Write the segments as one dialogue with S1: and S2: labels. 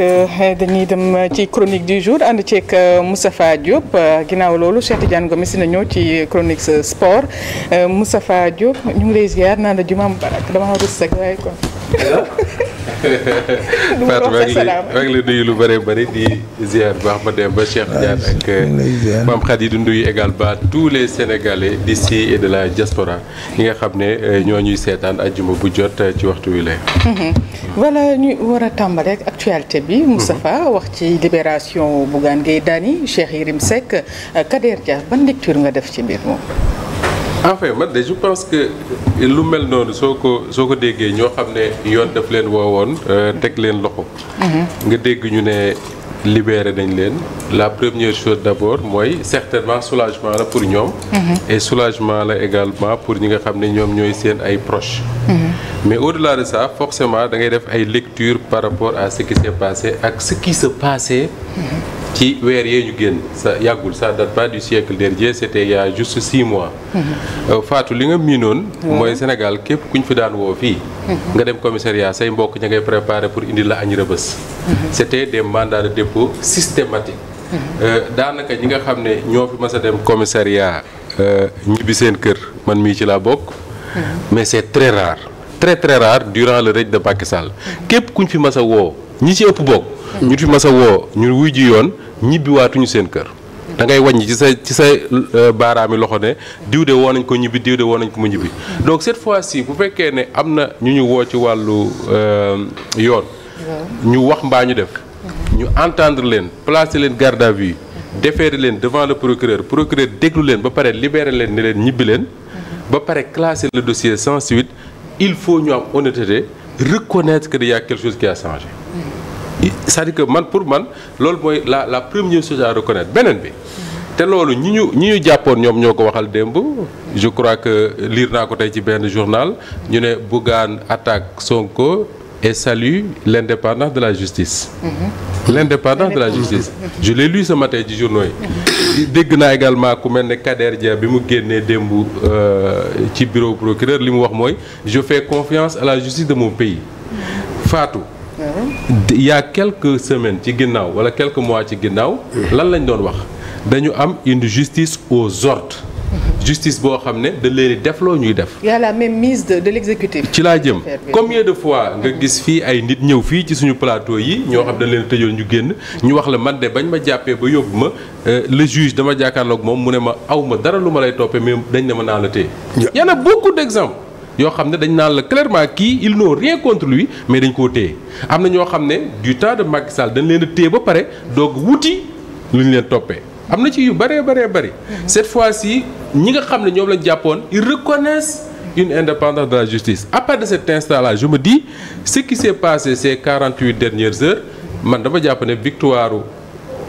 S1: Eh, dañuy dem ci chronique du jour ànd ceeg eh, Moustapha Diop eh, ginaaw loolu Cheikh Tidiane Gomis si ñëw ci chronique sport Moustapha Diop ñu ngi lay ziar naan la jumaam barak damaa rus rek waaye kon.
S2: Fatou maa ngi lay nuyu lu bëree bëri di ziar bu baax ma dem ba Cheikh Diagne ak euh, Mame Khady di nuyu également tous les Sénégalais d'ici et de la diaspora ñi nga xam ne euh, ñoo ñuy seetaan ajjuma bu jot euh, ci waxtu wi lay.
S1: Mhm. voilà ñu war a tàmbali ak actualité bi. Mhm. Moustapha wax ci libération Bougane Gueye Dany Cheikh Yérim Seck Kader Dia ban lecture nga def ci mbir moom.
S2: enfin man de je pense que lu mel noonu soo ko soo ko déggee ñoo xam ne yoon daf leen woowoon euh, teg leen loxo. Mm-hmm. nga dégg ñu ne libéré nañ leen la première chose d'abord mooy certainement soulagement la pour ñoom. Mm-hmm. et soulagement la également pour ñi nga xam ne ñoom ñooy seen ay proche mm-hmm. mais au-delà de ça forcément da ngay def ay lecture par rapport à ce qui s'est ak ce qui se passait. ci weer yee ñu génn sa yàggul sa date pas du siècle dernier c'était il juste six mois. Mm-hmm. Euh, Fatou li nga miinoon. mooy Sénégal képp ku ñu fi daan woo fii. Mm-hmm. nga dem commissariat say mbokk ña ngay préparer pour indi la añ rëbës. Mm-hmm. c'était des mandats de dépôt systématiques. Euh, daanaka ñi nga xam ne ñoo fi mas a dem commissariat euh, ñibbi seen kër man mii ci laa bokk. mais c'est très rare très très rare durant le règne de Macky Sall. képp ku ñu fi mas a woo ñi ci ëpp bokk. ñu fi mas sa woo ñu wuy ji yoon ñibbiwaatuñu seen kër. da ngay wàññi ci sa ci sa euh, baaraami loxo ne diw de woo nañ ko ñibbi diw de woo nañ ko mu ñibbi. donc cette fois-ci bu fekkee ne am na ñu ñu woo ci wàllu euh, yoon. ñu wax mbaa ñu def. ñu entendre leen placer leen garde à vue déférer leen devant le procureur procureur déglu leen ba pare libérer leen ne leen ñibbi leen. ba pare classer le dossier sans suite il faut ñu am honnêteté reconnaître que il y a quelque chose qui a changé. c'est-à-dire que man pour man loolu mooy la la première chose à beneen bi. te loolu ñi ñu ñu jàppoon ñoom ñoo ko waxal démb je crois que liir naa ko tey ci benn journal ñu ne Bougane attaque Sonko et salue l'indépendance de la justice.
S3: Mmh.
S2: l'indépendance de la justice. je l'ai lu ce matin ci journaux dégg naa également ku mel ne Kader Dia bi mu génnee démb euh, ci bureau procureur li mu wax mooy je fais confiance à la justice de mon pays. faatu il y a semaines ci ginnaaw wala quelques mois ci ginnaaw. lan lañ doon wax dañu am une justice aux ordres. justice boo xam ne da leen di def ñuy def.
S1: la même mise de ci laa jëm
S2: combien de fois nga gis fii ay nit ñëw fii ci suñu plateau yi ñoo xam dañ leen tëjoon ñu génn ñu wax la man de bañ ma jàppee ba yóbbu ma euh, le juge dama jàkkaarloog moom mu ne ma aw dara lu ma lay toppee mais dañ ne ma naa la téye. y en a beaucoup yoo xam ne dañ naan la clairement kii ils n'ont rien contre lui mais dañ koo téye am na ñoo xam ne du temps de Macky Sall dañ leen a téye ba pare doog wuti lu ñu leen toppee am na ci yu bëree bëree bëri cette fois-ci ñi nga xam ne ñoom lañ jàppoon ils reconnaissent une indépendance de la justice à part de cet instant-là je me dis ce qui s'est passé ces 48 dernières heures man dama jàpp ne victoire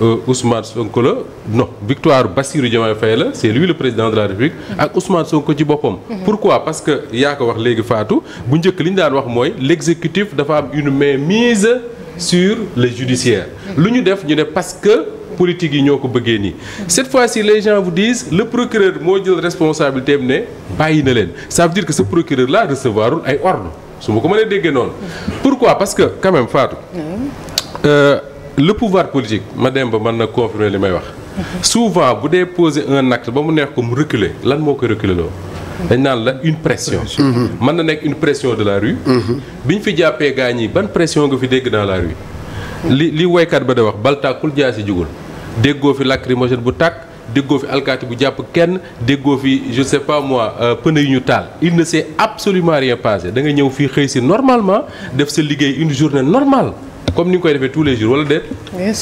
S2: Euh, Ousmane Sonko la non victoire Bassirou Diomaye Faye la c'est lui le président de la République ak Ousmane Sonko ci boppam mhm. pourquoi parce que yaa ko wax léegi Fatou bu njëkk li ñu daan wax mooy l'exécutif dafa am une mainmise sur le judiciaire mhm. lu ñu def ñu ne parce que politique yi ñoo ko bëggee nii mhm. cette fois si les gens vous disent le procureur moo jël responsabilité am ne bàyyi na leen ça veut dire que ce procureur là recevoirul ay ordre su ma ko mënee déggee noonu pourquoi parce le pouvoir politique ma dem ba mën na confirmer li may wax. souvent bu dee poser un acte ba mu neex ko mu reculer lan moo koy reculer loo. dañ naan la une pression. mën na nekk une pression de la rue. bi ñu fi jàppee gaañ yi ban pression nga fi dégg naa la rue. li li woykat ba da wax bal tàkkul si jugul déggoo fi lacrymogène bu tàkk déggoo fi alkaati bu jàpp kenn déggoo fi je sais pas moi euh, pneu yu ñu taal il ne s'est absolument rien passé da nga ñëw fii xëy si normalement def sa liggéey une journée normale. comme ni nga koy defee tous les jours wala déet. bien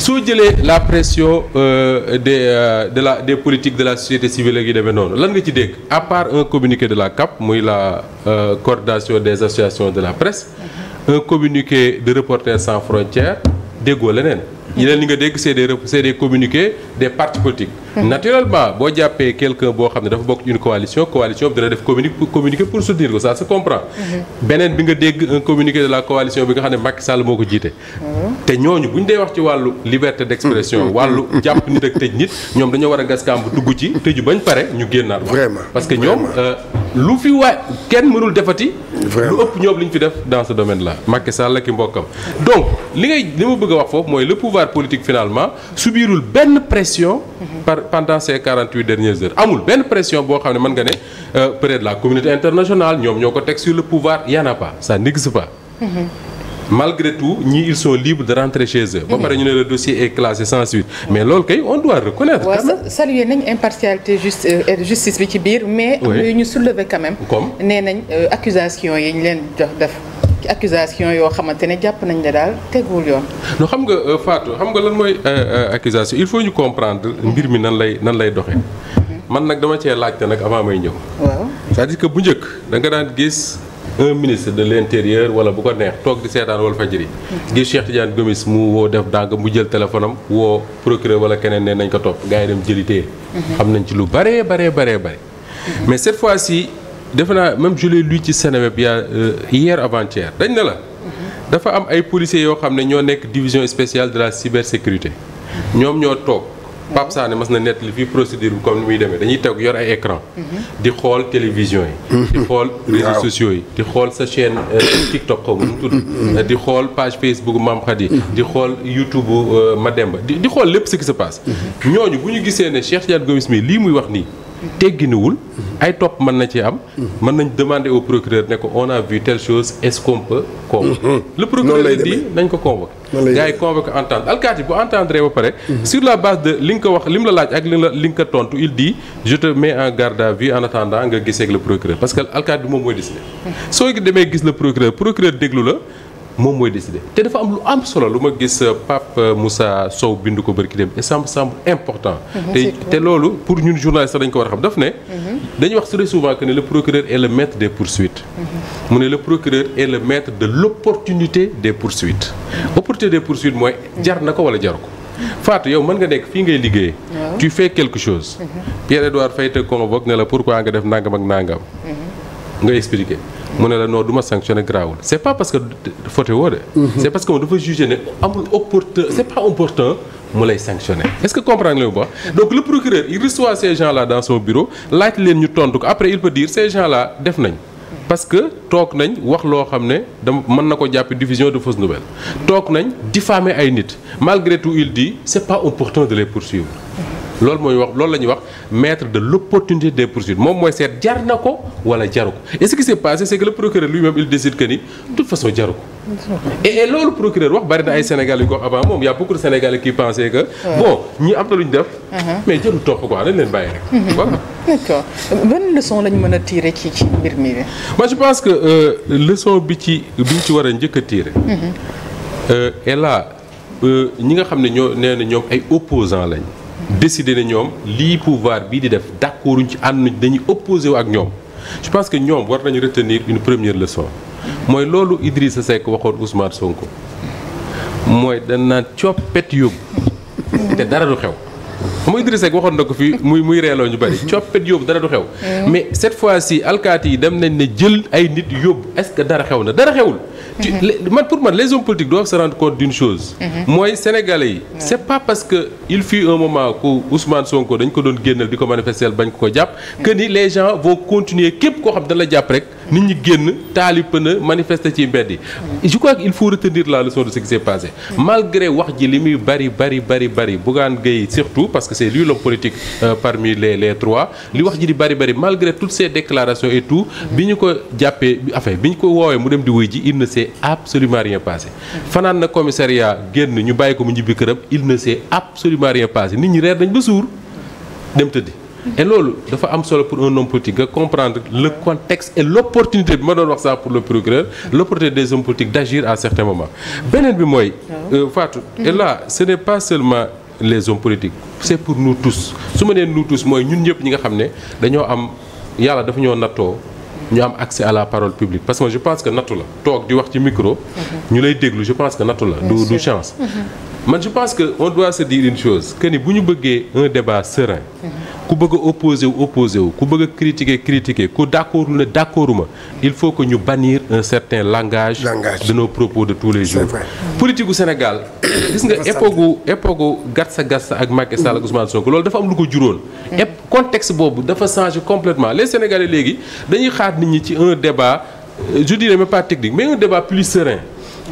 S2: soo jëlee la pression euh, des euh, de la de politiques de la société civile ak yi demee noonu lan nga ci dégg à part un communiqué de la CAP muy la euh, coordination des associations de la presse un communiqué de Reporters sans frontières déggoo leneen mm-hmm. yeneen li nga dégg c'est des c'est des communiqués des partis naturellement boo jàppee quelqu'un boo xam ne dafa bokk une coalition coalition bi dana def communiqué pour soutenir ko ça se comprend. Mm-hmm. beneen bi nga dégg un la coalition bi nga xam ne Macky Sall moo ko jiite.
S3: Mm-hmm.
S2: te ñooñu bu ñu dee wax ci wàllu liberté d'expression. Mm-hmm. wàllu jàpp nit ak tëj nit ñoom dañoo war a gaskaam bu dugg ci tëju bañ pare ñu génnaat. vraiment parce que ñoom euh, lu fi waay kenn mënul defati. lu ëpp ñoom li ñu fi def dans ce domaine là. Macky Sall ak i mbokkam donc li ngay li ma bëgg a wax foofu mooy le pouvoir politique finalement subirul benn pendant ces 48 dernières heures amul benn pression boo xam ne mën nga ne euh, peut-être la communauté internationale ñoom ñoo ko teg le pouvoir y en a pas mhm. malgré tout ñii ils sont libres de rentrer chez eux. ba pare ñu ne le dossier est classé sans suite. mais loolu kay on doit reconnaître. waaw
S1: ouais, saluer nañ impartialité juste euh, justice bi ci biir. mais am ñu soulever quand comme nee euh, accusation yi ñu leen jox def. ci accusation yoo xamante ne jàpp nañ la daal teguwul yoon.
S2: non xam nga euh, Fatou xam nga lan mooy euh, euh, accusation il faut ñu comprendre mbir mi nan lay nan lay doxee. man nag dama cee laajte nag avant may ñëw. waaw cest à que bu njëkk da nga daan gis un ministre de l'intérieur wala bu ko neex toog di seetaan Walfadjri. gis Cheikh Tidiane Gomis mu woo def dàng mu jël téléphone am woo procureur wala keneen ne nañ ko topp gars yi dem jëli téye. Mhm. xam nañ ci lu baree baree baree bare mhm. defe naa même je lu ci Seneweb bi euh, hier avant dañ ne la. dafa am ay policiers yoo xam ne ñoo nekk division spéciale de la cybersécurité ñoom ñoo toog. Pape Sané mas na nettali fii procédure bi comme ni muy demee dañuy toog yor ay ecran di xool télévision yi. di xool réseaux sociaux yi. di xool sa chaîne euh, TikTok xaw ma nu mu tudd. Mm-hmm. di xool page Facebook Mame Khady. Mm-hmm. di xool YouTube euh, Mademba di di xool lépp ce qui se mm-hmm. ñooñu bu ñu gisee ne Cheikh Tidiane Gomis mi lii muy wax nii. tegginuwul ay topp mën na ci am. mën nañ demande au procureur ne ko on a vu telle chose est-ce qu'on peut convoquer. Mm-hmm. le nañ ko convoquer. noonu lay gars yi convoqué entendre alkaati bu entendre ba pare. Mm-hmm. sur la base de li nga ko wax li mu la laaj ak li nga li ko tontu il dit je te mets en garde à vue en nga gisee ak le procureur parce que alkaati bi moom mooy décidé. soo demee gis le procureur procureur déglu la. moom mooy décidé te dafa am lu am solo lu ma gis euh, Pape euh, Moussa Sow bind ko barki et ça me important. Mm-hmm. te loolu pour ñun journaliste dañ ko war a xam daf ne.
S3: Mm-hmm.
S2: dañuy wax très souvent que ne le procureur est le maître des poursuites.
S3: Mm-hmm.
S2: mu ne le procureur est le maître de l' opportunité des poursuites. opportunité des poursuites mooy. jar na ko wala jaru ko. Fatou yow mën nga nekk fii ngay liggéey. tu fais quelque chose. Pierre Edouard Faye te convoque ne la pourquoi nga def nangam ak nangam. nga expliqué. mu ne la non du ma sanctionné grawul c' est pas parce que faute woo de. Mhm. c' est parce que dafa jugé ne amul opportun c' est pas opportun mu lay sanctionné est que comprendre nga bu baax donc le procureur il reçoit ces gens là dans son bureau laaj leen ñu tontu ko après il peut dire ces gens là def nañ. parce que toog nañ wax loo xam ne dama mën na ko jàpp division de fausses nouvelles toog nañ diffamer ay nit malgré tout il dit c' est pas opportun de les poursuivre. loolu mooy wax loolu la ñuy wax maître de l'opportunité des poursuites moom mooy seet jar na ko wala jaru ko et ce qui s'est passé c'est que le procureur lui-même il décide que ni de façon jaru ko et loolu procureur wax bari na ay sénégal yu ko avant moom y a beaucoup de Sénégalais qui pensaient bon ñi am na lu ñu def uh-huh. mais jaru topp quoi dañ ah, leen bàyyi rek
S1: uh-huh. voilà d'accord ban leçon mën a tirer ci ci mbir mi
S2: moi je pense que euh, bi ci bi ñu ci war a njëkk a tirer
S3: uh-huh.
S2: euh, et là euh, ñi nga xam ne ñoo nee na ñoom ay opposants lañ décidé ne ñoom lii pouvoir bii di def d' accord ci ànd dañuy opposé wu ak ñoom je pense que ñoom war nañu retenir une première leçon mooy loolu Idrissa Seck waxoon Ousmane Sonko mooy danaan coppet yóbbu te dara du xew. xam nga waxoon na ko fii muy muy reeloo ñu bëri coppet yóbbu dara du xew mm. mais cette fois ci alkaati yi dem nañ ne jël ay nit yóbbu est-ce que dara xew na dara xewul mm-hmm. man pour man les hommes politiques doivent se rendre compte d'une chose mm-hmm. mooy sénégalais yi c'est pas parce que il un moment que Ousmane Sonko dañ ko doon génnal di ko manifester bañ ko ko jàpp mm. que ni les continuer képp koo xam dana la jàpp rek nit ñi génn taali pëna manifester ci mbedd yi je crois qu'il faut retenir la leçon de ce qui s'est malgré wax ji li muy bari bari bari bari Bougane Gueye surtout parce que c'est lui l'homme politique euh, parmi les le trois li wax ji di bari bari malgré toutes ces déclarations et tout bi ñu ko jàppee affaire bi ñu ko woowee mu dem di wuy ji il ne s'est absolument rien passé fanaan na commissariat génn ñu bàyyi ko mu ñibbi këram il ne s'est absolument rien passé nit ñi reer dañu ba suur dem tëddi loolu dafa am solo pour un homme politique nga comprendre le contexte et l' opportunité bi ma doon wax ça pour le procureur l' opportunité des hommes politiques d' agir à certains moments. beneen bi mooy. Euh, Fatou. la là ce n' est pas seulement les hommes politiques c' pour nous tous su ma nee nous tous mooy ñun ñëpp ñi nga xam ne dañoo am yàlla dafa ñoo nattoo. ñu am accès à la parole publique parce que je pense que nattu la toog di wax ci micro. Mhm. ñu lay déglu je pense que nattu la. du du chance. Mhm. man je que on que ni bu ñu bëggee un débat mhm. ku bëgg a opposé wu opposé wu ku bëgg a critiquer critiquer ku d'accord la d'accorduma il faut que ñu bannir un certain langage de nos propos de tous les jours politique gu Sénégal gis nga époque gu époque gu gatsa gatsa ak Macky Sall ak Ousmane loolu dafa am lu ko juróon et mm. contexte boobu dafa changé complètement les Sénégalais léegi dañuy xaar nit ñi ci un débat euh, je dirais même pas technique mais un débat plus serein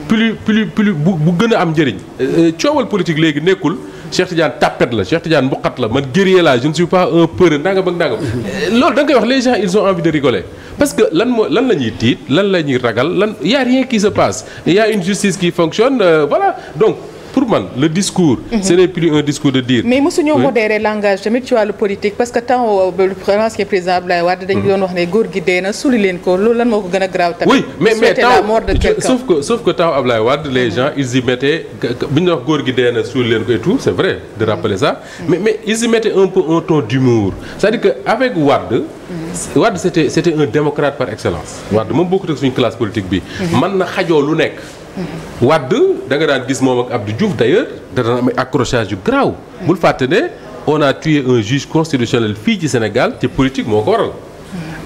S2: plus plus plus bu bu gën a am njëriñ euh, euh, coowal politique léegi nekkul Cheikh Tidiane tapette la Cheikh Tidiane mbuqat la man guerrier la je ne suis pas un peureux nangam ak nangam. Euh, loolu da wax les gens ils ont envie de rigoler parce que lan moo lan la ñuy tiit lan la ñuy ragal lan yaa rien qui se passe y a une justice qui fonctionne euh, voilà donc. pour man le discours. Mhm. ce n'est plus un discours de dire. mais mosu ñoo
S1: modéré langage tamit ci wàllu politique parce que temps l'ancien président Abdoulaye Wade dañu mhm. doon wax ne góor gi dee na suli leen ko loolu lan moo ko gën a grave tamit. oui mais mais la mort de quelqu'un sauf
S2: que sauf que temps mhm. leen ko et c'est vrai de rappeler ça. mais mais ils y mettaient un peu un ton d'humour c'est-à-dire que avec Wade. Wade c'était c'était démocrate par excellence. Wade moom bokkut ak suñu wadd da nga daan gis moom ak Abdou Diouf d'ailleurs da daan am accrochage yu graaw bul fàtte ne on a tué un juge constitutionnel fii ci Sénégal te politique moo ko waral.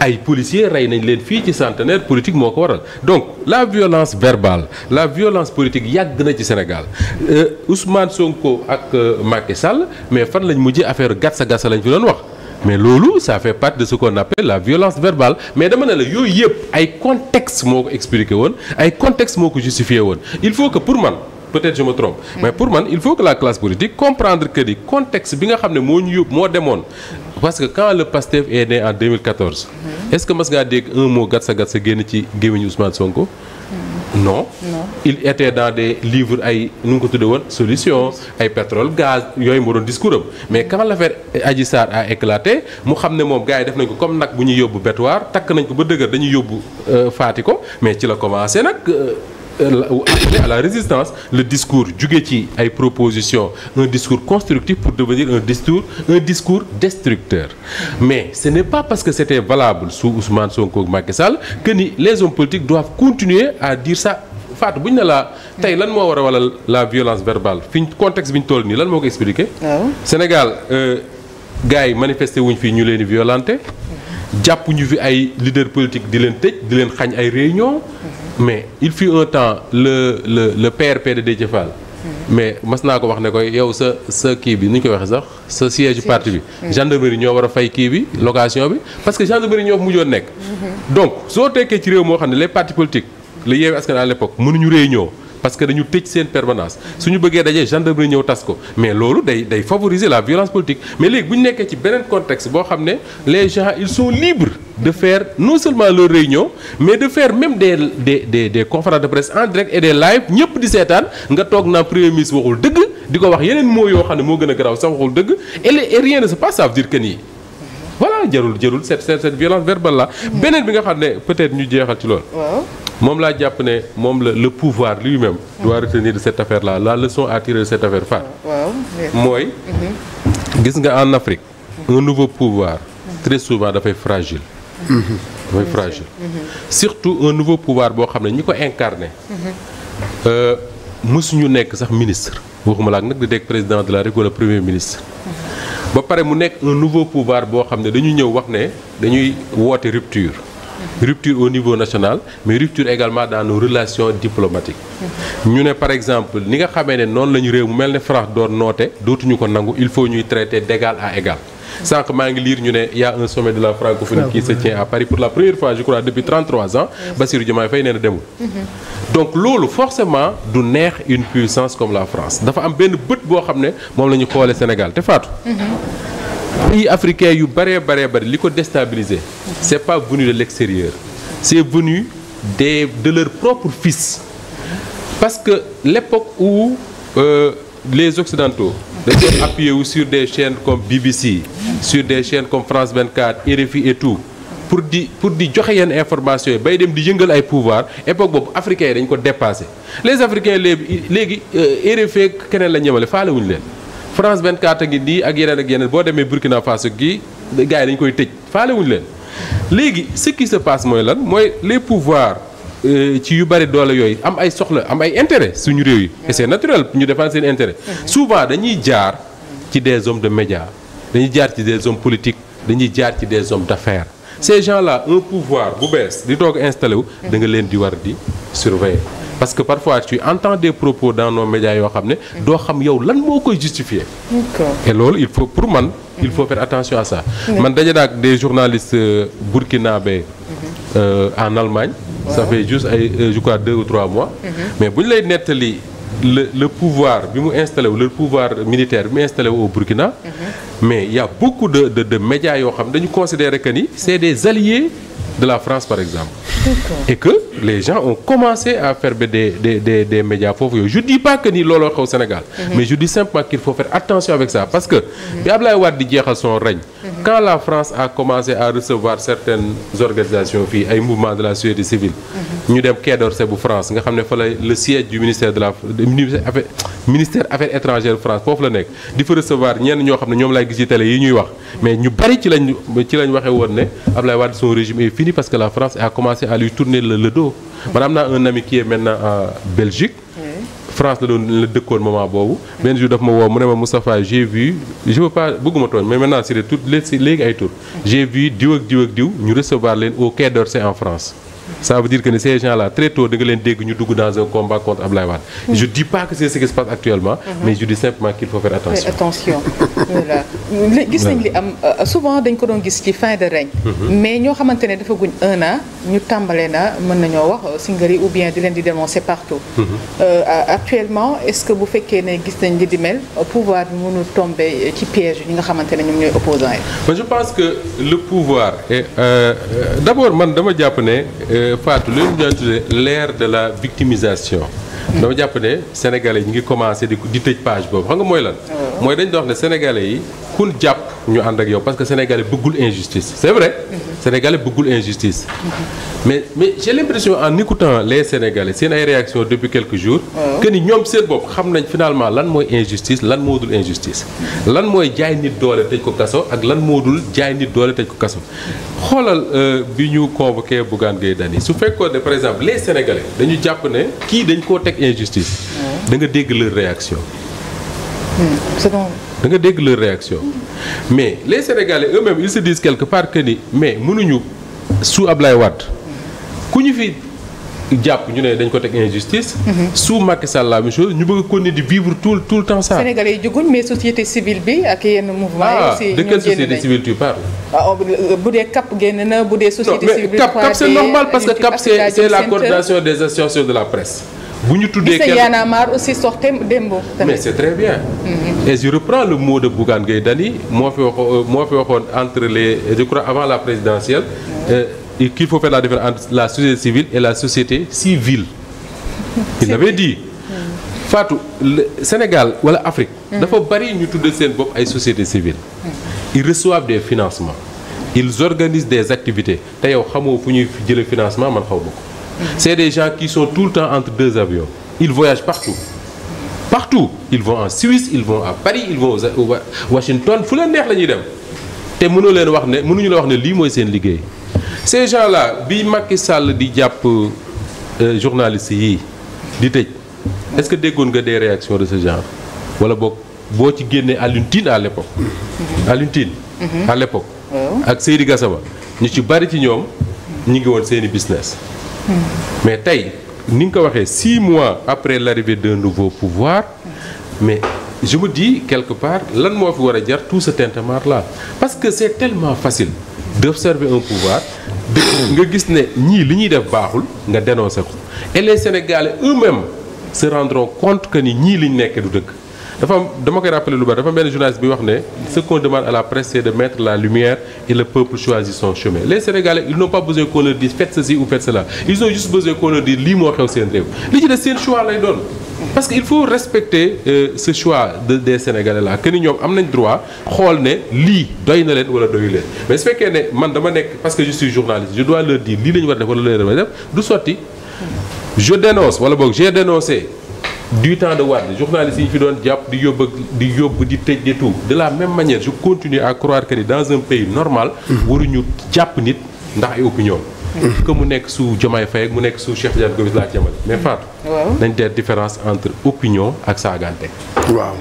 S2: ay policiers rey nañ leen fii ci centenaire politique moo ko waral donc la violence verbale la violence politique yàgg na ci Sénégal euh, Ousmane Sonko ak euh, Macky Sall mais fan lañu mujjee affaire gatsa gatsa lañ fi doon wax. mais loolu ça fait partie de ce qu'on appelle la violence verbale mais dama ne la yooyu yëpp ay contexte moo ko expliqué woon ay contexte moo ko justifié woon il faut que pour man peut-être je me mm. mais pour man il faut que la classe politique comprendre que contexte bi nga xam ne moo ñu yóbbu moo demoon parce que quand le PASTEF est né en 2014 mm-hmm. est-ce que mas ngaa dégg un mot gatsa gatsa génn ci gémmiñu Ousmane Sonko mm. non. non il était dans des ay nu ngi ko tudde woon solution ay pétrole gaz yooyu moo doon discours am mais quand l'affaire Adji Sarr a éclaté mu xam ne moom gars yi def nañ ko comme nag bu ñu yóbbu bétoir takk nañ ko ba dëgër dañu yóbbu euh, faati ko mais ci la commencé nag. Euh, Euh, appeler à la résistance le discours jóge ci ay propositions un discours constructif pour devenir un discours un discours destructeur mais ce n'est pas parce que c'était valable sous Ousmane Sonko Macky Sall que ni les hommes politiques doivent continuer à dire ça Fatou bu ñu ne laa tey lan moo war a walal la violence verbale fi ñu contexte ñu toll nii lan moo ko expliqué ah Sénégal euh, gars yi manifesté wuñ fii ñu leen di violenté jàpp ñu fi ay leader politique di leen tëj di leen xañ ay réunion mais il fut un temps le le le PRP de Déthié Fall hmm. mais mas naa ko wax ne koy yow sa sa kii bi ni ñu koy waxee sax sa siège parti bi hmm. gendarmerie ñoo war a fay kii bi location bi parce que gendarmerie ñoo fa mujjoon nekk
S3: hmm.
S2: donc soo tekkee ci réew moo xam ne les partis politiques la Yewwi Askan Wi à l'époque mënuñu réunion parce que dañu tëj seen permanence suñu bëggee dajee gendarmerie ñëw tas ko mais loolu day day favoriser la violence politique mais léegi bu ñu nekkee ci beneen contexte boo xam ne les gens ils libre libres de faire non seulement leur réunion mais de faire même des des des des conférences de presse en direct et des live ñëpp di seetaan nga toog na premier ministre waxul dëgg di ko wax yeneen moo yoo xam ne moo gën a garaaw sax waxul dëgg et rien ne se passe ça veut dire que nii voilà jarul jarul cette cette cette violence verbale mm-hmm. bi nga xam ne peut-être ñu jeexal ci loolu moom laa jàpp ne moom la le pouvoir lui-même doit retenir de cette affaire là la leçon à tirer de cette affaire Fatou mooy mhm. gis nga en Afrique un nouveau pouvoir très souvent dafay fragile dafay fragile mhm. Mhm. surtout un nouveau pouvoir boo xam ne ñi ko incarné euh, ñu nekk sax ministre waxuma laa nag di dekk président de la République wala premier ministre ba pare mu nekk un nouveau pouvoir boo xam ne dañu ñëw wax ne dañuy woote rupture rupture au niveau national mais rupture également dans nos relations diplomatiques ñu ne par exemple ni nga xamee ne noonu la ñu réew mu mel ne France doon noote dootuñu ko nangu il faut ñuy traiter d'égal à égal maa ngi lire ñu ne y a un sommet de la Paris pour la première fois je crois depuis 33 ans Bassirou Diomaye Faye nee na demul
S3: mm-hmm.
S2: donc loolu forcément du neex une puissance comme la France dafa am benn bët boo xam ne moom la ñu xoolee Sénégal te faatu mm-hmm. pays africain yu bëree bëree bëri li ko déstabiliser c'est pas venu de l'extérieur c'est venu des de leur propre fils parce que l'époque où euh, les occidentaux dañu appuyé wu sur des chaînes comme BBC sur des chaînes comme France 24 RFI et tout pour di pour di joxe yenn information yi bay dem di yëngal ay pouvoir époque boobu africains yi dañ ko dépassé les africains léegi léegi euh, RFI keneen la ñemale faale leen France 24 gi nii ak yeneen ak yeneen boo demee Burkina Faso gi gars yi dañu koy tëj faale wuñu leen léegi ce qui se passe mooy lan mooy les pouvoirs euh, ci yu bari doole yooyu am ay soxla am ay intérêt suñu réew yi et c'est naturel ñu défendre seen intérêt souvent dañuy jaar ci des hommes de médias dañuy jaar ci des hommes politiques dañuy jaar ci des hommes d'affaires ces gens là un pouvoir bu bees di toog installé wu da nga leen di war di surveiller parce que parfois tu entends des propos dans nos médias yoo xam ne doo xam yow lan moo koy justifier et loolu il faut pour man il faut faire attention à ça man daje naa ak des journalistes euh, burkinabé mhm. euh, en Allemagne wow. ça fait juste ay euh, je crois deux ou trois mois mhm. mais bu ñu lay nettali le le pouvoir bi mu installé wu le pouvoir militaire bi mu installé wu au Burkina. Mhm. mais y' a de de de médias yoo xam dañu considérer que ni c' est des alliés de la France par exemple. et que les gens ont commencé à faire ba des des des des foofu yooyu je dis pas que looloo xew Sénégal. Mhm. mais je simplement qu'il faut faire attention avec ça parce que. bi Ablaye Wade di jeexal son règne. quand la France a commencé à recevoir certaines organisations fii ay mouvement de la société civile. ñu dem Quai d'Orsay France nga xam ne fa la le siège du ministère de la France foofu la nekk di recevoir ñenn ñoo xam ne ñoom laay gis ci télé yi ñuy wax mais ñu bari ci lañ ci waxee woon ne Abdoulaye Wade son régime est fini parce que la France a commencé à lui tourner le le man am naa un ami qui est Belgique. France la doon la dëkkoon moment boobu. benn jour daf ma woo mu ne ma Moustapha j'ai vu je veux pas bëgguma tooñ mais maintenant c'est tout léegi ay tur. j'ai diw ak diw ak diw ñu recevoir leen au Quai d'Orsay en France. sa veut dire que ne ces gens là très tôt da nga leen dégg ñu dugg dans un combat contre Ablaye Wade. Mm. je dis pas que c'est ce qui se passe actuellement. Mm-hmm. mais je dis simplement qu'il faut faire attention.
S1: gis nañ li am euh, souvent dañ ko doon gis ci fin de règne. Mm-hmm. mais ñoo xamante ne dafa guñ un an ñu tàmbale na mën nañoo wax euh, singari ou bien di leen di dénoncer partout. Mm-hmm. Euh, actuellement est-ce que bu fekkee ne gis nañ li di pouvoir bi mënul tomber ci piège yi nga xamante ne ñoom ñooy opposants
S2: yi. Fatou loolu ñu daan tuddee l'ère de la victimisation. dama jàpp ne sénégalais yi ñu ngi commencé di di tëj page boobu xam nga mooy lan. Ah. mooy dañ doon wax ne sénégalais yi kun jàpp. ñu ànd ak yow parce que sénégalais bëggul injustice c'est vrai mhm. sénégalais bëggul injustice mhm. mais mais j'ai l'impression en écoutant les sénégalais seen ay réaction depuis quelques jours que ni ñoom seen bopp xam nañ finalement lan mooy injustice lan moo dul injustice lan mooy jaay nit doole tëj ko kaso ak lan moo dul jaay nit doole tëj ko kaso xoolal euh, bi ñu convoqué Bougane Gueye Dany su fekkoon ne par exemple les sénégalais dañu jàpp ne kii dañ koo teg injustice da nga dégg leur réaction hmm. da nga dégg leur réaction mais les sénégalais eux-mêmes ils se disent quelque part que ni mais mënuñu su Ablaye Wade ku ñu fi jàpp ñu ne dañ ko teg injustice. sous Macky Sall la même chose ñu bëgg continuer di vivre tout temps ça.
S1: Sénégalais yi juguñ mais société civile bi ak yenn mouvement ah, aussi de société civile tu parles. Ah, oh, bu dee CAP génn na bu dee. société civile non mais CAP CAP c'est normal parce que mais c'est très bien. Mm -hmm.
S2: et le mot de Bougane Gueye euh, moo fi waxoon entre les je crois avant la présidentielle. Euh, et qu'il faut faire la différence la société civile et la société civile. il l'avait dit. Fatou Sénégal wala Afrique. Mm. dafa bari ñu tudd seen bopp ay société civile. Mm. ils reçoivent des financements. ils organisent des activités te yow xamoo fu ñuy jëlee financement man xaw ma ko. Mm. c'est des gens qui sont tout le temps entre deux avions. ils voyagent partout. partout ils vont en Suisse ils vont à Paris ils vont au Washington fu la neex la ñuy dem te mënoo leen wax ne mënuñu la wax ne lii mooy seen liggéey. ces gens là bi Macky Sall di jàpp euh, journalistes yii di tëj est-ce déggoon nga des réactions de ce wala boog boo ci génnee Alioune Tine à l'époque mhm. Alioune mhm. à l'époque oh. ak Seydi Gassama ñu ci bari ci ñoom ñu ngi woon seeni business hmm. mais tey ni nga ko waxee six mois après l'arrivée d'un nouveau pouvoir mais je me dis quelque part lan moo fi war a jar tout ce tintamarre là parce que c'est tellement facile d'observer un pouvoir nga gis ne ñii li ñuy def baaxul nga dénoncé ko et les sénégalais eux-mêmes se rendront compte que ni ñii li ñu nekk du dëkk dafa am dama koy rappeler lu bari dafa benn journaliste bi wax ne ce demande à la presse c'est de mettre la lumière et le peuple choisit son chemin les sénégalais ils n'ont pas besoin qu'on leur dise faites ceci ou faites cela ils ont juste besoin qu'on leur lii moo xew seen réew li ci des seen choix lay doon parce que il faut respecter euh, ce choix de sénégale sénégalais là ñoom am nañ droit xool ne lii doy na leen wala doyu leen mais su fekkee ne man dama nekk parce que je suis journaliste je dois leur dire lii la ñu war a def wala la ñu war a def du sotti je dénonce wala boog j'ai dénoncé du temps de Wade journalistes yi ñu fi doon jàpp di yóbbu di yóbbu di tëj di tout de la même manière je continue à croire que ni dans un pays normal mm. waruñu jàpp nit ndax ay opinion que mu nekk sous Diomaye Faye mu nekk sous Cheikh Tidiane Gomis laa ci yemale mais Fatou. dañ teer différence entre opinion ak saagante. waaw.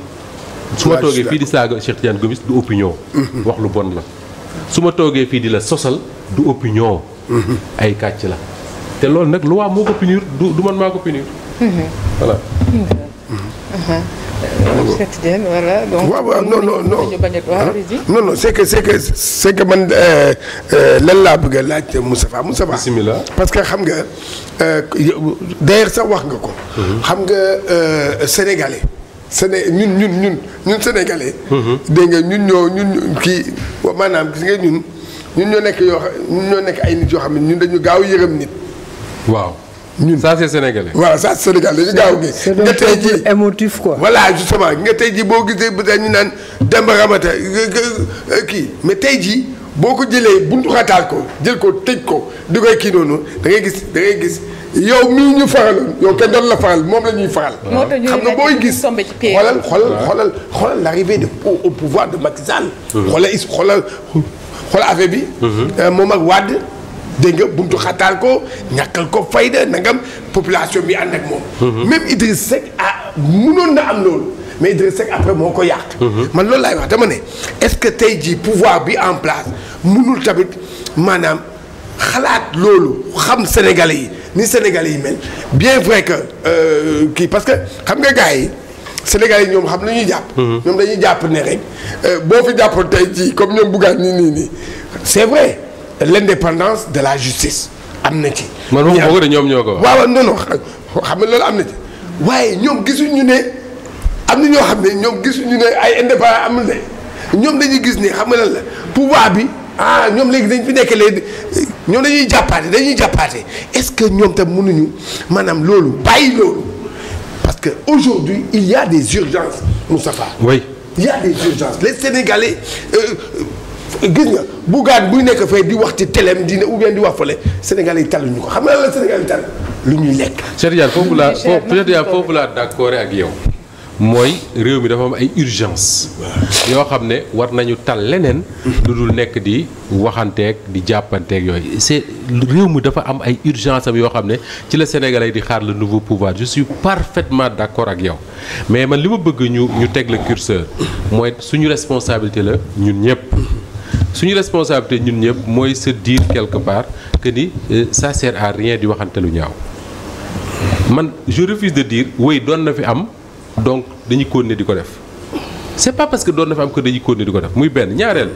S2: su ma toogee fii di saaga Cheikh Tidiane Gomis du opinion. Mhm. wax lu bon la. su ma toogee fii di la sosal du opinion. Mhm. ay kàcc la. te loolu nag lu waa moo ko punir du man maa ko punir. Mhm. voilà.
S1: voilà donc waaw waaw non non non ah,
S4: non non c' est que c' est que c' est que man euh, euh, lan laa bëgg a laajte Moustapha parce que xam nga euh, d'ailleurs sax wax nga ko. xam nga sénégalais. Séné ñun ñun ñun ñun sénégalais. dégg nga ñun ñoo ñun kii maanaam gis nga ñoo nekk yoo ñun ñoo nekk ay nit yoo xam ne ñun dañu gaaw yërëm nit.
S2: waaw. ñun ça c'est waa voilà ça c'est sénégalais gaaw gi. nga tey
S4: jii émotif quoi. voilà justement nga tey jii boo gisee peut ñu naan Demba Ramata kii mais tey jii boo ko jëlee buntu xataal ko jël ko tëj ko di koy kii noonu da gis da ngay gis yow mii ñu faraloon yow kenn doon la faral moom la ñuy faral. xam nga booy gis xoolal xoolal xoolal xoolal l'arrivée de au pouvoir de Macky Sall. xoolal is xoolal xoolal bi. Mhm. Euh, moom ak Wade. dégg nga buntu xataal ko ñàkkal ko fayda nangam population bi ànd ak moom. Mhm. même Idriss Seck ah mënoon na am loolu mais Idriss Seck après moo ko yàq. Mhm. man loolu laay wax dama ne est-ce que tey jii pouvoir bi en place mënul tamit maanaam xalaat loolu xam Sénégalais yi ni Sénégalais yi mel bien vrai que euh, kii parce que xam nga gars yi. Sénégal yi ñoom xam nañu jàpp. Mhm. ñoom dañuy jàpp ne rek euh, boo fi jàppoon tey ji comme ñoom buggaan nii nii nii c'est vrai l'indépendance de la justice am na ci. man moom foog
S2: ñoom ñoo ko wax. waaw
S4: non non xam nga loolu am na waaye ñoom gisuñu ne am na ñoo xam ne ñoom gisuñu ne ay indépendance amul ne ñoom dañuy gis ni xam nga lan pouvoir bi ah ñoom léegi dañ fi nekk léegi ñoom dañuy jàppaate dañuy jàppaate est-ce que ñoom tam mënuñu maanaam loolu bàyyi loolu parce que aujourd'hui il y a des urgences Moustapha. oui il y des urgences les Sénégalais. Euh, gis nga Bougane buy nekk fee di wax ci téléem dina ou di wax fële Sénégal yi taluñu ko xam nga lu ñuy lekk. Cheikh Diallo foofu laa
S2: foofu foofu ak yow. mooy réew mi dafa am ay urgence yoo xam ne war nañu tal leneen lu dul nekk di waxanteeg di jàppanteeg yooyu c'est réew mi dafa am ay urgence am yoo xam ne ci la Sénégalais di xaar le nouveau pouvoir je suis parfaitement d'accord ak yow mais man li ma bëgg ñu ñu teg le curseur mooy suñu responsabilité la ñun ñëpp su ñu responsabilité ñun ñëpp mooy se dire quelque part que ni euh, ça sert à rien di waxante lu ñaaw man je refuse de dire oui doon na fi am donc dañuy continuer di ko def c' est pas parce que doon na fi am que dañuy continuer di ko def muy benn ñaareel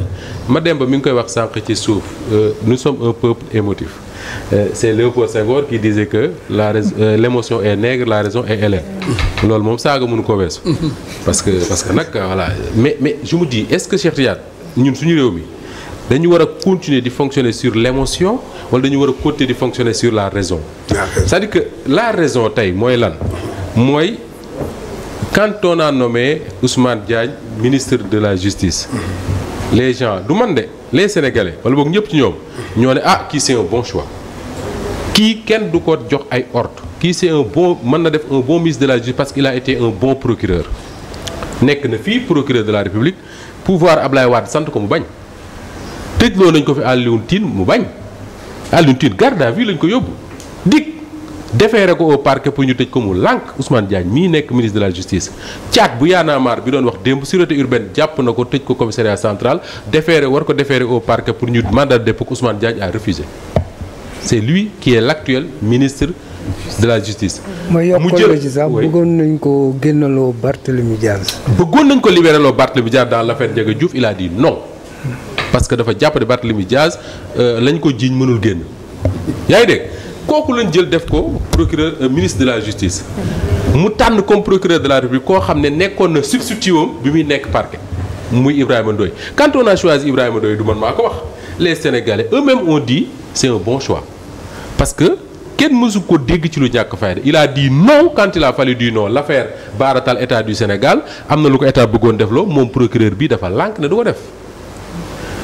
S2: ma dem ba mi ngi koy wax sànq ci suuf euh, nu sommes un peuple émotif euh, c' est Léopold Senghor qui disait que la raison l' émotion est nègre la raison est hélène loolu moom saaga mënu ko weesu parce que parce que nag voilà mais mais je me dis ce que Cheikh ñun suñu réew mi dañu war a continuer di fonctionner sur l'émotion wala dañu war a continuer di fonctionner sur la raison cest à que la raison tey mooy lan mooy quand on a nommé Ousmane Diagne ministre de la justice les gens du man de les sénégalais wala boog ñëpp ci ñoom ñoo ne ah kii c'est un kii kenn du ko jox ay ordre kii c'est un bon mën na def un bon ministre de la justice parce que a été un bon procureur nekk na fii procureur de la république pouvoir Ablaye waat sant ko mu bañ tëjloo nañ ko fi Alioune Tine mu bañ Alioune Tine garde à vue lañ ko yóbbu dik defeere ko au parquet pour ñu tëj ko mu lànk Ousmane Diagne mii nekk ministre de la justice caat bu yaanaamaar bi doon wax démb sûreté urbaine jàpp na ko tëj ko commissariat central defeere war ko defeere au parquet pour ñu mandat de dépôt ko Ousmane Diagne a refusé c'est lui qui est l'actuel ministre de la justice.
S4: ma yokkoon la ci sax bëggoon nañ ko génnaloo Barthélemy Diaz.
S2: bëggoon nañ ko libéraloo Barthélemy Diaz dans l'affaire Ndiaga Diouf il a dit non. parce que dafa jàpp ne Barthélemy Diaz euh, lañ ko jiiñ mënul génn yaa ngi dégg kooku lañ jël def ko procureur euh, ministre de la justice mu tànn comme procureur de la République koo xam ne nekkoon na substitut am bi muy nekk parquet muy Ibrahima Ndoye quand on Ibrahima Ndoye du man maa ko wax les Sénégalais eux-mêmes ont dit c'est un bon choix parce que kenn mësu ko dégg ci lu ñàkk fayda il di dit non quand il a fallu dire baaratal état du Sénégal am na lu ko état bëggoon def moom procureur bi dafa lànk ne du ko def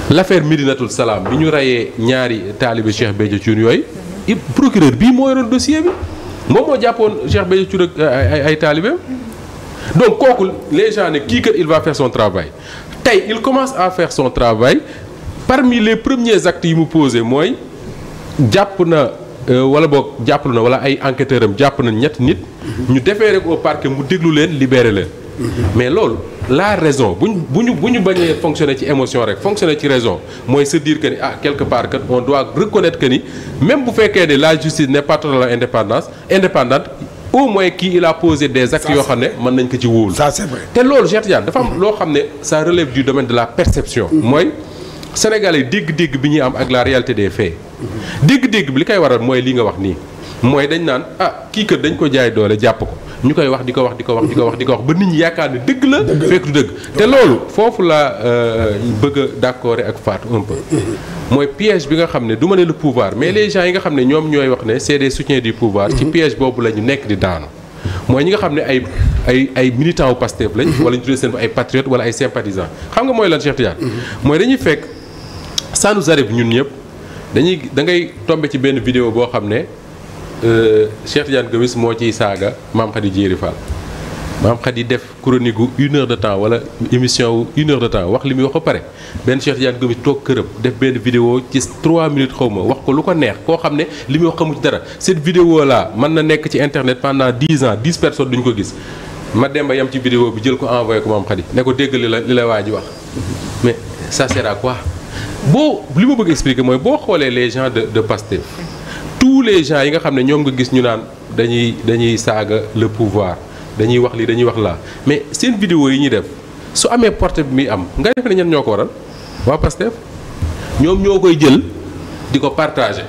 S2: l'affaire Médinatoul Salaam bi ñu reyee ñaari taalibe Cheikh Béthio Thioune yooyu procureur bii mooy yoroon dossier bi moom moo jàppoon Cheikh Béthio Thioune ak ay ay taalibeem donc kooku les gens kii kat il va faire son travail tey il commence à faire son travail parmi les premiers actes yi mu posé mooy jàpp na euh, wala boo jàpp na wala ay enquêteurs am jàpp na ñetti nit ñu defee rek au mu déglu leen libéré leen mm-hmm. mais loolu la raison bu ñu bu ñu bu ñu bañee fonctionner ci émotion rek fonctionner ci raison mooy se dire que ni ah quelque part que on doit reconnaître que ni même bu fekkee ne la justice n'est pas totalement indépendance indépendante au moins kii il a posé des actes yoo xam ne mën nañ ko ci wóolu. ça c'est vrai te loolu Cheikh Tidiane dafa am mm-hmm. loo xam ne sa relève du domaine de la perception. Mm-hmm. mooy sénégalais dégg-dégg bi ñuy am ak la réalité des faits. Mm-hmm. dégg-dégg bi li koy waral mooy li nga wax nii mooy dañ naan ah kii kat dañ ko jaay doole jàpp ko. ñu koy wax di ko wax di ko wax di ko wax di ko wax ba nit ñi yaakaar ne dëgg la fekk du dëgg te loolu foofu laa euh, bëgg a d'accord ak Fatou un peu mooy piège bi nga xam ne du ma ne le pouvoir mais les gens yi nga xam ne ñoom ñooy wax ne c'est des soutiens du pouvoir ci piège boobu la ñu nekk di daanu mooy ñi nga xam ne ay ay ay militants wu Pastef lañ mhm. wala ñu tuddee seen ay patriotes wala ay sympathisants xam nga mooy lan Cheikh Tidiane mhm. mooy dañuy fekk ça nous arrive ñun ñëpp dañuy da ngay tomber ci benn vidéo boo xam ne Euh, Cheikh Tidiane moo ciy saaga maam Khady Diéry Fall maam Khady def chronique gu une heure de temps wala émission wu une de temps wax li muy wax ba pare benn Cheikh Tidiane Gomis toog këram def benn vidéo ci 3 minutes xaw ma wax ko lu ko neex koo xam ne li muy wax xamu ci dara cette vidéo là mën na nekk ci internet pendant 10 ans 10 personnes duñu ko gis ma demba ba yam ci vidéo bi jël ko envoyé ko maam Khady ne ko dégg li la li la waa ji wax mais ça quoi boo li ma bëgg expliquer mooy boo xoolee les gens de de Pastef tous les gens yi nga xam ne ñoom nga gis ñu naan dañuy dañuy saaga le pouvoir dañuy wax lii dañuy wax laa mais seen vidéo yi ñuy def su amee portée bi muy am nga def ne ñen ñoo ko waral waa Pastef ñoom ñoo koy jël di ko partager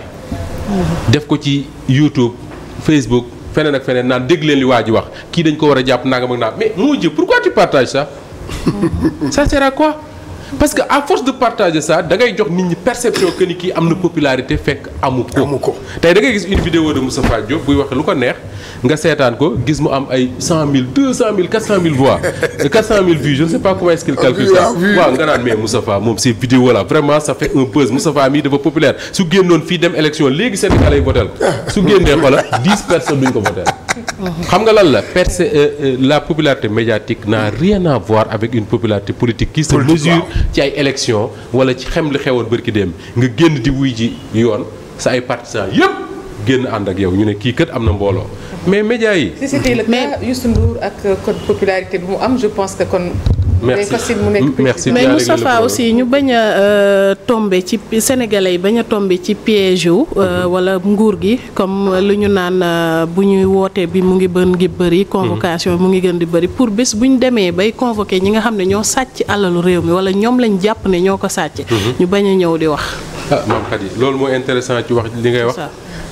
S2: def ko ci YouTube Facebook feneen ak feneen naan dégleen leen li waa ji wax kii dañ ko war a jàpp nangam ak naam mais mon pour pourquoi tu partages ça ça sert à parce que à force de partager ça dangay ngay jox nit ñi perception que kii am na popularité fekk amu ko. ko tey dangay gis une vidéo de Moustapha Diop buy wax lu ko neex. nga seetaan ko gis mu am ay cent mille deux cent mille quatre cent mille voix quatre cent mille vues je ne sais pas comment est-ce qu'il calcule ça ah, ah, waaw nga naan mais Moustapha moom ces vidéos là vraiment ça fait un buzz Moustapha mii dafa populaire su génnoon fii dem élection léegi Sénégalais yi votel su génnee xoolal dix personnes duñ ko votel xam nga lan la perce euh, euh, la popularité médiatique n'a rien à voir avec une popularité politique qui se mesure ci ay election wala ci xem li xewoon bërki dem nga génn di wuy ji yoon sa ay partisans yépp génn ànd ak yow ñu ne kii kat am na mbooloo mais médias yi.
S1: si c'était le cas Youssou Ndour ak code popularité bi mu am je pense que kon. merci merci mais Moustapha aussi ñu bañ a euh, tombe ci sénégalais yi bañ a tombe ci piège wu euh, mm-hmm. wala nguur gi comme ah. lu ñu naan euh, bu ñuy wootee bi mu ngi bën gi bëri mm-hmm. convocation mu ngi gën di bëri pour bés bu ñu demee bay convoqué ñi nga xam ne ñoo sàcc alalu réew mi wala ñoom lañ jàpp ne ñoo ko sàcc mm-hmm. ñu bañ a ñëw di wax
S2: ah maam Khady loolu moo intéressant ci wax li ngay wax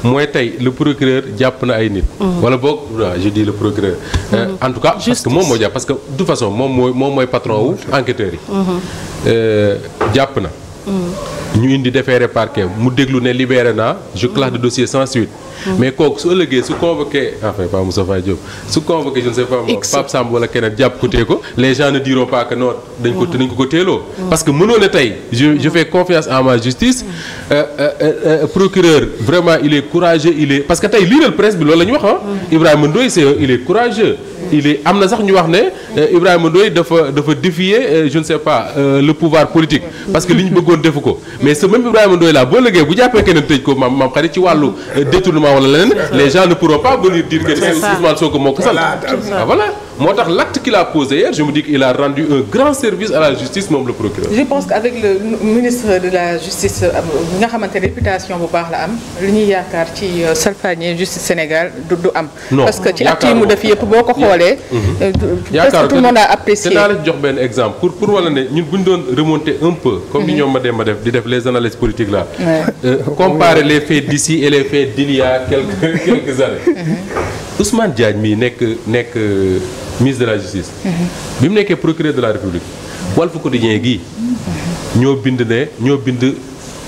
S2: mooy tey lu procureur jàpp na ay nit. Mhm. wala boog ah, je dis le procureur. Euh, mhm. en tout cas parce que moom moo jàpp parce que du toute façon moom mooy moom mooy patron wu mhm. enquêteurs yi. Euh, jàpp na. ñu indi déféré parquet mu déglu ne libéré naa je classe de dossier sans suite. Mm-hmm. mais kooku su ëllëgee su convoqué ah, su convoqué je ne sais pas moi Pape Samb wala keneen jàpp ko tee ko ne diront pas que non dañ ko mm-hmm. dañ ko ko teeloo mm-hmm. parce justice euh, euh, euh, procureur vraiment il est courageux il est que tey liiral presse bi loolu la ñu wax ah Ibrahima Ndoye c'est sax ñu wax ne Ibrahima Ndoye dafa dafa défier je ne sais pas le pouvoir politique parce que li ñu bëggoon defu ko mais ce même Ibrahima Ndoye là boo lëgee bu jàppee keneen tëj ko maam maam xarit ci wàllu détournement détournement wala leneen les gens ne pourront pas venir dire que Ousmane Sonko moo ko sant voilà ah, moo tax l'acte qu'il a posé hier je me dis qu'il a rendu un grand service à la justice moom le procureur. je
S1: pense que avec le ministre de la justice euh, nga xamante réputation bu baax la am li ñuy yaakaar ci euh, salfaañe justice Sénégal du du am. parce que ci acte yi mu def yëpp boo ko xoolee. Mm-hmm. Euh, yaakaar tout le monde a apprécié. dinaa
S2: la jox benn exemple pour wala ne bu ñu doon remonter un peu. comme ni mm-hmm. ñoom ma dem ma def di def les analyses politiques là. comparer les faits d'ici et les faits d'il y a ministre de la justice. bi mu nekkee procureur de la république. Walf Quotidien gii. ñoo bind ne ñoo bind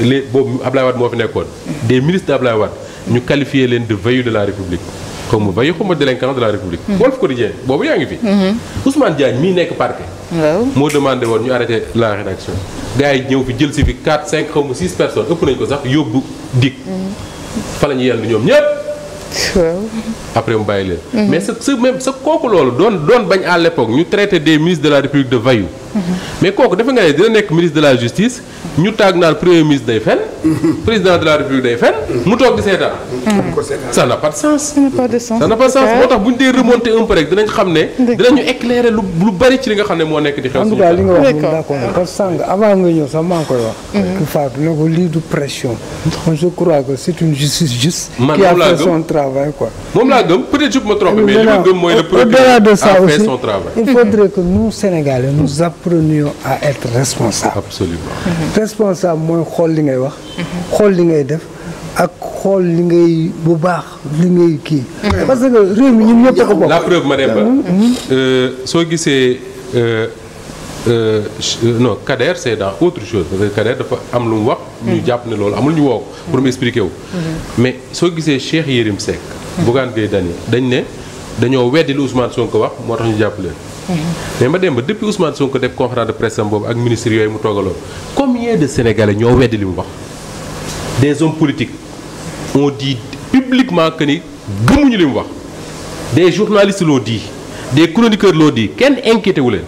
S2: les boobu Ablaye Wade moo fi nekkoon. des ministres d'Ablaye Wade ñu qualifié leen de voyous de la république. comme voyou comme délinquant de la république. Mm-hmm. Walf Quotidien boobu yaa ngi fi.
S3: Mm-hmm.
S2: Ousmane Diagne mii nekk parquet. moo demandé woon ñu arrêté la rédaction. gars yi ñëw fi jël si fi 4 cinq xaw ma 6 personnes ëpp nañ ko sax yóbbu dig. Mm-hmm. fa la ñu yàlla ñoom waaw après mu bàyyi leen. Mm-hmm. mais sa sa même kooku loolu doon doon bañ à l'époque ñu traité des ministres de la république de voyous. mais kooku defe nga ne dina nekk ministre de la justice ñu taag naan premier ministre day fen président de la république day fen mu toog di seetaan ça n'a sens
S1: ça
S2: n'a sens moo tax bu ñu dee remonter un peu rek dinañ xam ne dinañu éclairer lu bari ci li nga xam ne moo nekk di xew li nga
S4: wax d'accord mhm. faatu ne ko lii du pression
S2: moom laa gëm peut-être je me trompe mais li ma gëm mooy le procureur a fait son travail
S4: il faudrait que nous Sénégalais nous apprenions à être responsable absolument mm-hmm. responsable mooy xool li ngay wax mm-hmm. xool li ngay def ak xool li ngay bu baax li ngay kii mm-hmm. parce que réew mi ñun ñëpp ko bokk la preuve Mademba
S2: euh, soo gisee Euh, euh non Kader c' est dans autre chose parce que Kader dafa am lu mu wax. ñu jàpp ne loolu amul ñu woo ko pour mu expliquer wu. mais soo gisee Cheikh Yérim Seck. Bougane Gueye Dany dañ ne dañoo weddi lu Ousmane Sonko wax moo tax ñu jàpp leen. mais ma dem ba depuis Ousmane Sonko def conférence de presse am boobu ak ministre yooyu mu toogaloon combien de sénégalais ñoo weddi li mu wax des hommes politiques ont dit publiquement que ni gëmuñu li mu wax des journalistes l'ont dit des chroniqueurs l'ont dit kenn inquiété wu leen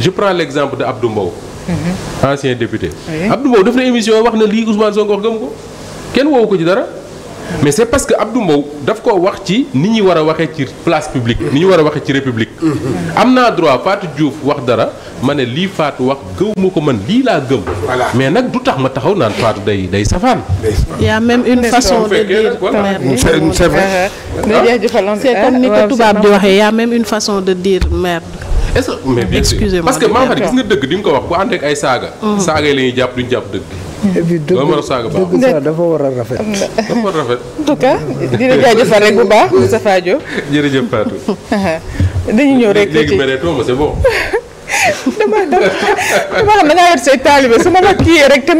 S2: je prends l' exemple de Abdou Mbow. Mhm. ancien député. Abdou Mbow def na émission wax na lii Ousmane Sonko wax gëm ko kenn woowu ko ci dara. mais c'est parce que Abdou Mbow daf ko wax ci ni ñuy war a waxee ci place publique ni ñu war a waxee ci république am naa droit Fatou Diouf wax dara ma ne lii Fatou wax gëw ma ko man lii laa gëm mais nag du tax ma taxaw naan Fatou day day safaan
S1: il y a même une façon de dire c'est vrai c'est comme ah. ni waxee a même une façon de dire merde
S2: parce que maa xam nga dëgg di nga ko wax bu ànd ay saaga mm. saaga yi la ñuy jàpp duñu jàpp dëgg et
S1: puis dëgg dëgg dafa war a rafet.
S2: dafa war a rafet.
S1: en tout cas dina jaajëfal rek bu baax Moustapha
S2: Diop. jërëjëf Fatou.
S1: dañu ñëw rek. léegi
S2: méreetoo ma c'est bon.
S3: dama dama dama xam ne da ngaa yor say taalibe su ma la kii rek.